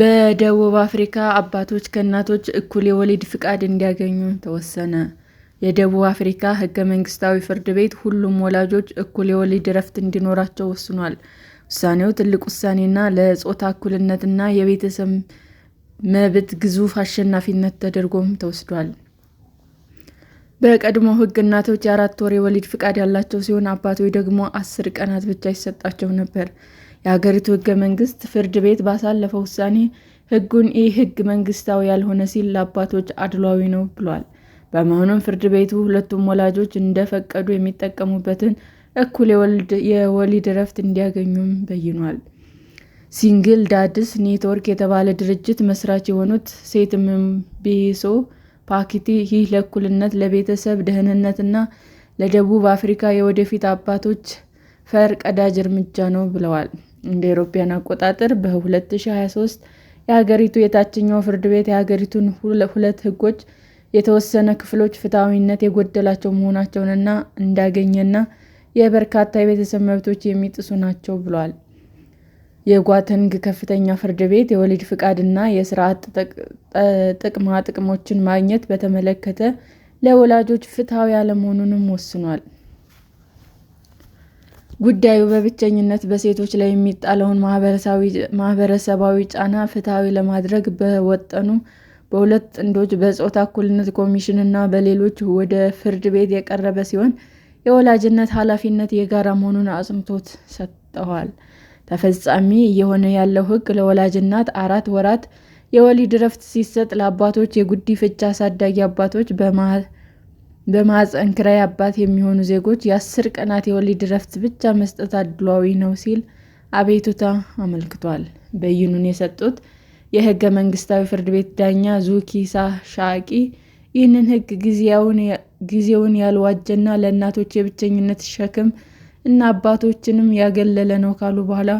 በደቡብ አፍሪካ አባቶች ከእናቶች እኩል የወሊድ ፍቃድ እንዲያገኙ ተወሰነ። የደቡብ አፍሪካ ሕገ መንግሥታዊ ፍርድ ቤት ሁሉም ወላጆች እኩል የወሊድ እረፍት እንዲኖራቸው ወስኗል። ውሳኔው ትልቅ ውሳኔና ለጾታ እኩልነትና የቤተሰብ መብት ግዙፍ አሸናፊነት ተደርጎም ተወስዷል። በቀድሞው ሕግ እናቶች የአራት ወር የወሊድ ፍቃድ ያላቸው ሲሆን አባቶች ደግሞ አስር ቀናት ብቻ ይሰጣቸው ነበር። የሀገሪቱ ህገ መንግስት ፍርድ ቤት ባሳለፈው ውሳኔ ህጉን ይህ ህግ መንግስታዊ ያልሆነ ሲል ለአባቶች አድሏዊ ነው ብሏል። በመሆኑም ፍርድ ቤቱ ሁለቱም ወላጆች እንደፈቀዱ የሚጠቀሙበትን እኩል የወሊድ ዕረፍት እንዲያገኙም በይኗል። ሲንግል ዳድስ ኔትወርክ የተባለ ድርጅት መስራች የሆኑት ሴት ምቤሶ ፓኪቲ ይህ ለእኩልነት፣ ለቤተሰብ ደህንነት እና ለደቡብ አፍሪካ የወደፊት አባቶች ፈር ቀዳጅ እርምጃ ነው ብለዋል። እንደ አውሮፓውያን አቆጣጠር በ2023 የሀገሪቱ የታችኛው ፍርድ ቤት የሀገሪቱን ሁለት ህጎች የተወሰነ ክፍሎች ፍትሐዊነት የጎደላቸው መሆናቸውንና እንዳገኘና የበርካታ የቤተሰብ መብቶች የሚጥሱ ናቸው ብሏል። የጓተንግ ከፍተኛ ፍርድ ቤት የወሊድ ፍቃድና የስርዓት ጥቅማ ጥቅሞችን ማግኘት በተመለከተ ለወላጆች ፍትሐዊ አለመሆኑንም ወስኗል። ጉዳዩ በብቸኝነት በሴቶች ላይ የሚጣለውን ማህበረሰባዊ ጫና ፍትሐዊ ለማድረግ በወጠኑ በሁለት ጥንዶች፣ በፆታ እኩልነት ኮሚሽን እና በሌሎች ወደ ፍርድ ቤት የቀረበ ሲሆን የወላጅነት ኃላፊነት የጋራ መሆኑን አጽንዖት ሰጥተዋል። ተፈጻሚ እየሆነ ያለው ሕግ ለወላጅ እናት አራት ወራት የወሊድ ዕረፍት ሲሰጥ፣ ለአባቶች ፍቻ አሳዳጊ አባቶች በማህፀን ክራይ አባት የሚሆኑ ዜጎች የአስር ቀናት የወሊድ እረፍት ብቻ መስጠት አድሏዊ ነው ሲል አቤቱታ አመልክቷል። ብይኑን የሰጡት የሕገ መንግስታዊ ፍርድ ቤት ዳኛ ዙኪሳ ሻቂ ይህንን ሕግ ጊዜውን ያልዋጀና ለእናቶች የብቸኝነት ሸክም እና አባቶችንም ያገለለ ነው ካሉ በኋላ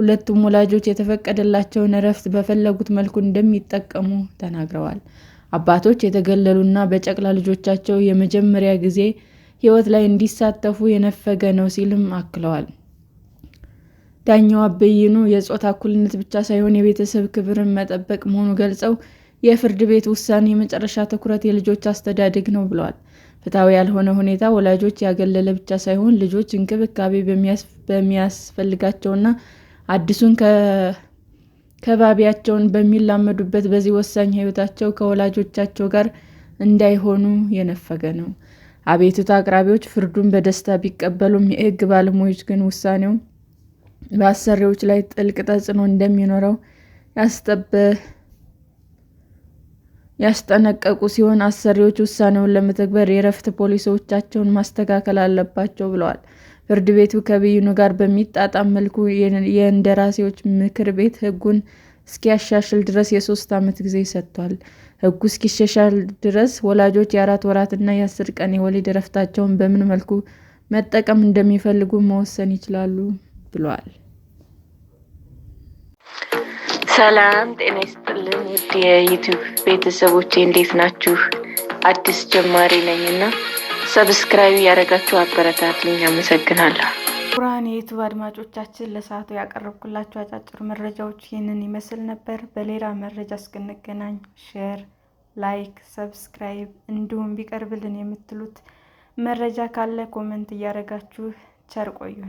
ሁለቱም ወላጆች የተፈቀደላቸውን እረፍት በፈለጉት መልኩ እንደሚጠቀሙ ተናግረዋል። አባቶች የተገለሉና በጨቅላ ልጆቻቸው የመጀመሪያ ጊዜ ሕይወት ላይ እንዲሳተፉ የነፈገ ነው ሲልም አክለዋል። ዳኛው አበይኑ የጾታ እኩልነት ብቻ ሳይሆን የቤተሰብ ክብርን መጠበቅ መሆኑ ገልጸው የፍርድ ቤት ውሳኔ የመጨረሻ ትኩረት የልጆች አስተዳደግ ነው ብለዋል። ፍትሐዊ ያልሆነ ሁኔታ ወላጆች ያገለለ ብቻ ሳይሆን ልጆች እንክብካቤ በሚያስፈልጋቸውና አዲሱን ከባቢያቸውን በሚላመዱበት በዚህ ወሳኝ ሕይወታቸው ከወላጆቻቸው ጋር እንዳይሆኑ የነፈገ ነው። አቤቱታ አቅራቢዎች ፍርዱን በደስታ ቢቀበሉም፣ የሕግ ባለሙያዎች ግን ውሳኔው በአሰሪዎች ላይ ጥልቅ ተጽዕኖ እንደሚኖረው ያስጠነቀቁ ሲሆን፣ አሰሪዎች ውሳኔውን ለመተግበር የእረፍት ፖሊሲዎቻቸውን ማስተካከል አለባቸው ብለዋል። ፍርድ ቤቱ ከብይኑ ጋር በሚጣጣም መልኩ የእንደራሴዎች ምክር ቤት ሕጉን እስኪያሻሽል ድረስ የሶስት ዓመት ጊዜ ሰጥቷል። ሕጉ እስኪሻሻል ድረስ ወላጆች የአራት ወራትና የአስር ቀን የወሊድ እረፍታቸውን በምን መልኩ መጠቀም እንደሚፈልጉ መወሰን ይችላሉ ብሏል። ሰላም ጤና ይስጥልን ውድ የዩቱብ ቤተሰቦቼ እንዴት ናችሁ? አዲስ ጀማሪ ነኝና ሰብስክራይብ እያደረጋችሁ አበረታትልኝ። አመሰግናለሁ። ቁራን የዩቱብ አድማጮቻችን ለሰዓቱ ያቀረብኩላችሁ አጫጭር መረጃዎች ይህንን ይመስል ነበር። በሌላ መረጃ እስክንገናኝ ሼር፣ ላይክ፣ ሰብስክራይብ እንዲሁም ቢቀርብልን የምትሉት መረጃ ካለ ኮመንት እያደረጋችሁ ቸር ቆዩን።